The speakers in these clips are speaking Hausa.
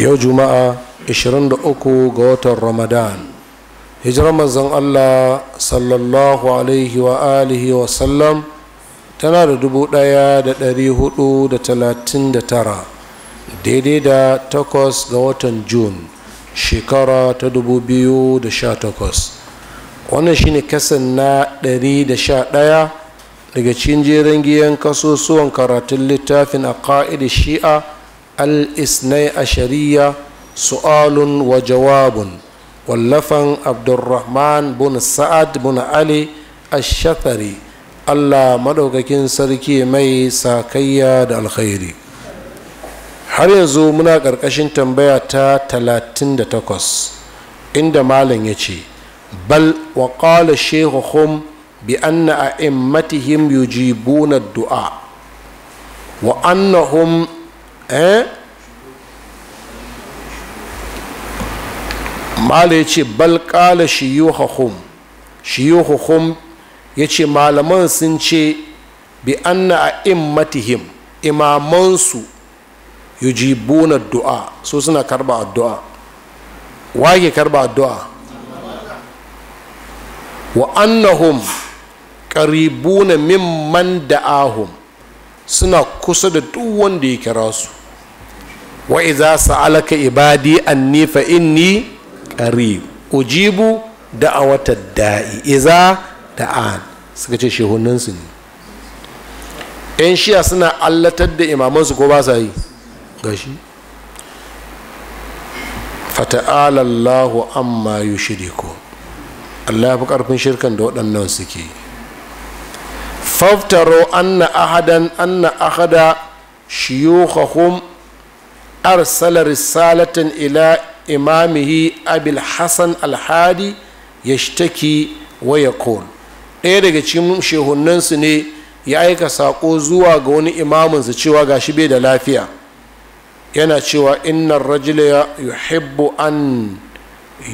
yau juma'a 23 ga watan ramadan hijirar mazan allah sallallahu alaihi wa alihi wa sallam tana da 1439 daidai da 8 ga watan Jun shekara ta 2018 wannan shine kasan na 111 daga cikin jiragen giyan kasusuwan karatun littafin a ka'idar shi'a al-isnai ashariya su'alun wa jawabun wallafan abdurrahman bin sa'ad bin ali ashatari allah maɗaukakin sarki mai sakayya da alkhairi har yanzu muna ƙarƙashin tambaya ta takwas, inda malam ya ce bal wa ƙala shehuhum bi anna a immatihim yujibuna du'a wa annahum eh mala ya ce balƙala shiyuhahum shiyuhahum ya ce malaman sun ce bi anna a immatihim imamansu yujibuna du'a so suna karba addu'a wage karba du'a wa annahum qaribuna mimman da'ahum suna kusa da duk wanda ya kira su wa iza sa'alaka ibadi anni fa inni qarib ujibu da'awata da'i iza da'an suka ce shehunan su ne yan shiya suna allatar da imaman su ko ba sa yi gashi fata'ala Allahu amma yushriku Allah ya fi karfin shirkan da waɗannan suke faftaro anna ahadan anna ahada shiyukhum arsala risalatan ila imamihi abil الحسن alhadi ya shtaki waya ɗaya daga cikin su ne ya aika saƙo zuwa ga wani su cewa gashi bai da lafiya yana cewa innan rajula yuhibbu an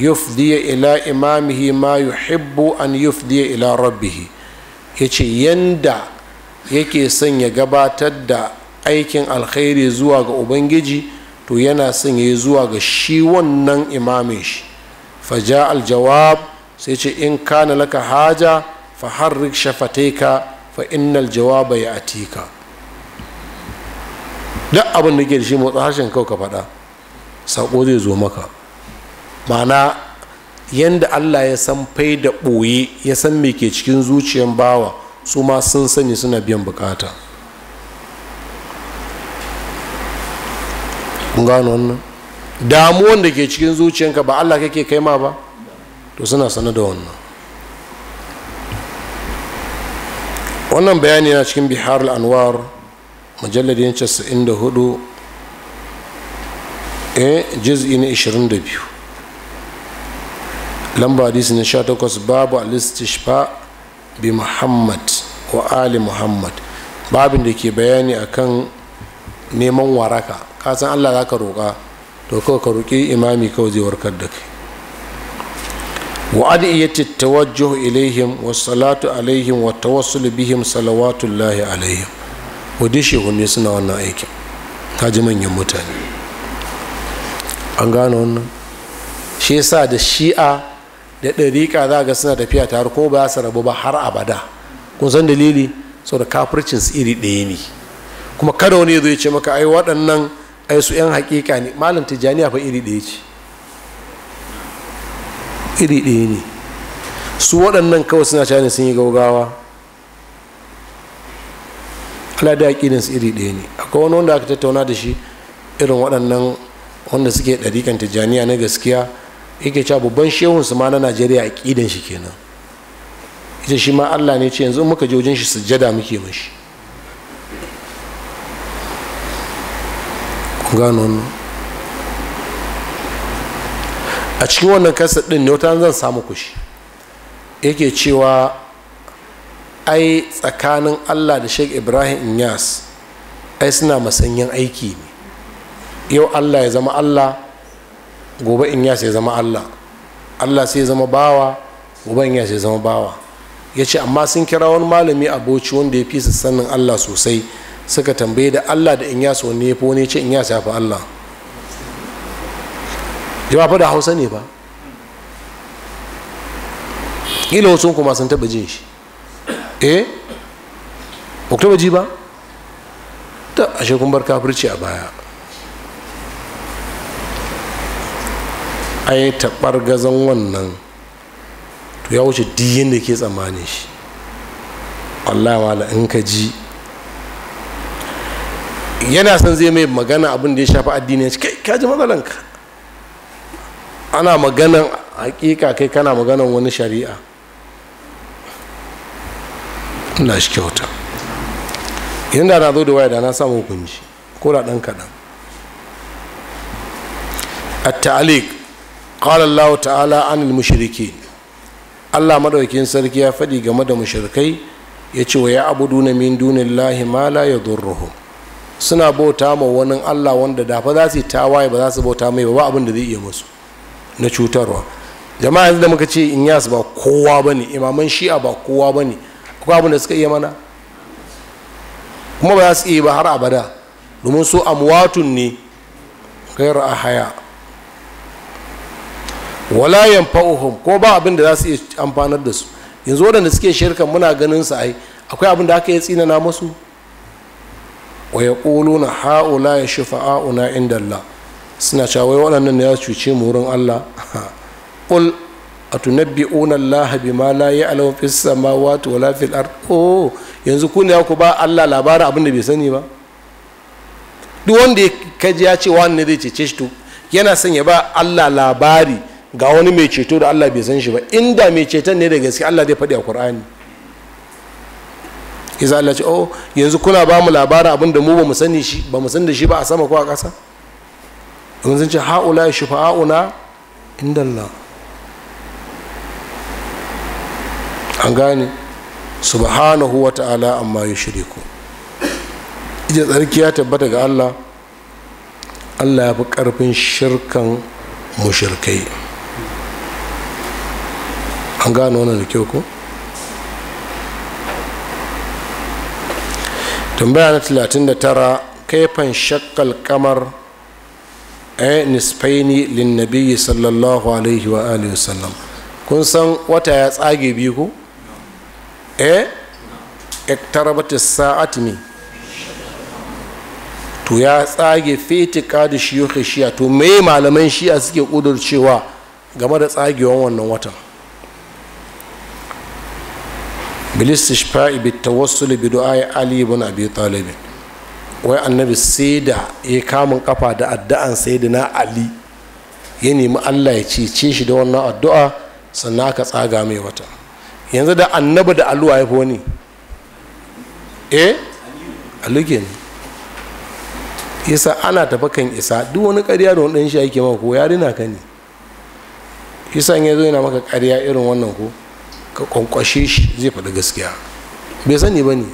yufdiya ila imamihi ma yuhibbu an yufdiya ila rabbihi ya ce yanda yake son ya gabatar da aikin alkhairi zuwa ga ubangiji to yana son ya zuwa ga shi wannan imamin shi faja aljawab sai ce in kana laka haja fa harrik shafataika fa innal jawaba ya atika duk abin da ke da shi motsa harshen kauka ka faɗa saƙo zai zo maka mana yanda allah ya san fai da ɓoye ya san me ke cikin zuciyar bawa su ma sun sani suna biyan bukata kun gano wannan damuwan da ke cikin zuciyanka ba allah kake kai ma ba to suna sana da wannan wannan bayani na cikin bihar al'anwar mujalladin hudu a eh, jiz'i na 22 lamba hadisi na 18 babu alistishfa bi muhammad wa ali muhammad babin da ke bayani akan neman waraka ka san allah za ka roƙa to kawai ka roƙi imami kawai zai warkar da kai wa iya tawajjuh ilayhim wa salatu alayhim wa tawassul bihim salawatullahi wa wadda shehunne suna wannan aikin ta ji manyan mutane an gane wannan shi yasa da shi'a da ɗariƙa za ga suna tafiya tare ko ba su rabu ba har abada kun san dalili saboda kafircin su iri ɗaya ne kuma kada wani ya zo ce maka ai waɗannan ai su yan hakika ne malam tijjaniya fa iri ɗaya ce iri ɗaya ne su waɗannan kawai suna cani sun yi gaugawa ala da su iri ɗaya ne akwai wani wanda aka tattauna da shi irin waɗannan wanda suke ɗarikan tijjaniya na gaskiya yake cewa babban shehun su ma na najeriya aƙidan shi kenan ita shi ma allah ne ce yanzu muka je wajen shi sujjada muke mashi ku gano wannan a cikin wannan kasar ɗin ne wata zan samu kushi yake cewa ai tsakanin allah da sheik ibrahim inyas ai suna masanyan aiki ne yau allah ya zama allah gobe inyas ya zama allah allah sai ya zama bawa gobe inyas ya zama bawa ya ce amma sun kira wani malami a wanda ya fi sannan sannin allah sosai suka tambaye da allah da in yasu ne yafi ne ce in ya fi allah fa da hausa ne ba ƙila wasu kuma sun taɓa jin shi eh ba ku ji ba ta ashe kun bar kafirci a baya ai taɓar gazan wannan to ya wuce diyin da ke tsammanin shi Allah wala in ka ji yana son zai mai magana abin da ya shafi addini ya kai kaji matsalanka ana maganan hakika kai kana maganan wani shari'a na shi kyauta yadda na zo da waya da na samu hukunci ko da ɗan kaɗan a ta'alik qala Allah ta'ala anil mushiriki Allah madaukakin sarki ya faɗi game da ya ce wa ya abuduna min lahi ma la yadurruhum suna bauta ma wani allah wanda da fa za su yi tawaye ba za su bauta mai ba abin da zai iya musu na cutarwa jama'a yanzu da muka ce inyas ba kowa ba ne imaman shi'a ba kowa ba ne kuma abin da suka iya mana kuma ba za su iya ba har abada domin su amwatun ne gairu a haya walayen fa'uhun ko ba abin da za su iya amfanar da su yanzu waɗanda suke shirkan muna ganin su ai akwai abin da aka yi tsinana musu wa ya ƙulu na ha'ula ya fa'a'una inda Allah suna cewa waɗannan ne ya cuce mu wurin Allah ƙul a tunabbi'una Allah bi ma la ya'lamu fis samawati wala fil ard oh, yanzu ku ne ku ba Allah labarin abin da bai sani ba duk wanda kaji ya ce wani zai cece shi to yana son ya ba Allah labari ga wani mai ceto da Allah bai san shi ba inda mai ceton ne da gaske Allah zai faɗi a Qur'ani iza Allah ce oh yanzu kuna ba mu labarin abin da mu ba mu sani shi ba mu san da shi ba a sama ko a ƙasa yanzu sun ce haula shufa'auna inda Allah an gane subhanahu wa ta'ala amma yushriku ije tsarki ya tabbata ga Allah Allah ya fi karfin shirkan mushirkai an gane wannan da kyau ko tambaya na 39 kaifan shakkal kamar a eh, nisfaini linnabiyyi sallallahu alaihi wa alihi wasallam kun san wata ya tsage biyu ku a eh? iktarabat sa'at ne to ya tsage fiti kadi shiyukhi shiya to me malaman shi'a suke kudur cewa game da tsagewan wannan watan bilistishfa'i bitawassul bi du'ai ali ibn abi talib wai annabi sai da ya kamun kafa da addu'an sayyidina ali ya nemi Allah ya cece shi da wannan addu'a sannan aka tsaga mai wata yanzu da annabi da alluwa ya fi wani eh aluke ne isa ana tafa kan isa duk wani ƙarya da wani ɗan shi ake maka ko ya rina ka ne isa ya zo yana maka ƙarya irin wannan ko ka kwankwashe shi zai faɗi gaskiya bai sani ba ne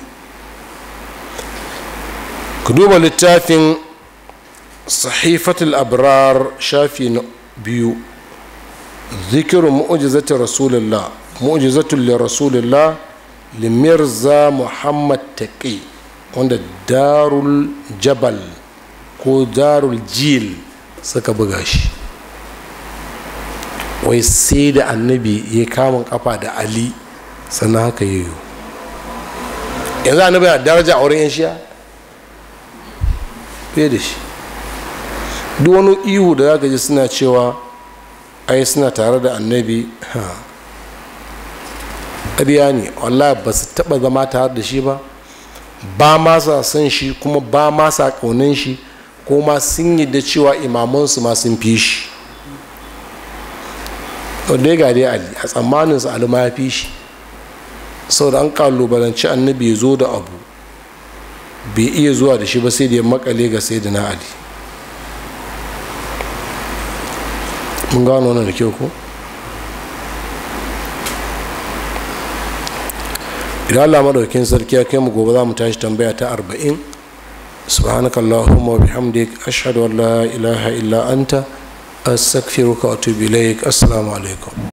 ku duba littafin sahifatul abrar shafi na biyu zikiru mu'ujizatul rasulullah mu'ujizatul rasulullah limirza muhammad taqi wanda darul jabal ko darul jil suka buga shi wai sai da annabi ya kamun kafa da ali sannan haka yi yanzu annabi na daraja a wurin yan shiya fiye da shi duk wani ihu da zaka ji suna cewa ai suna tare da annabi ƙarya ne wallahi ba su taɓa zama tare da shi ba ba ma sa son shi kuma ba ma sa ƙaunin shi ko ma sun yi da cewa imamansu ma sun fi shi wanda ya gade ali a tsammanin su alu ya fi shi saboda an kalubalanci annabi ya zo da abu bai iya zuwa da shi ba sai da ya makale ga sai na ali mun gano wannan da kyau ko idan allah madaukin sarki ya kai mu gobe za mu tashi tambaya ta arba'in subhanakallahumma wa bihamdik ashhadu an la ilaha illa anta A wa atubu ilaik assalamu alaikum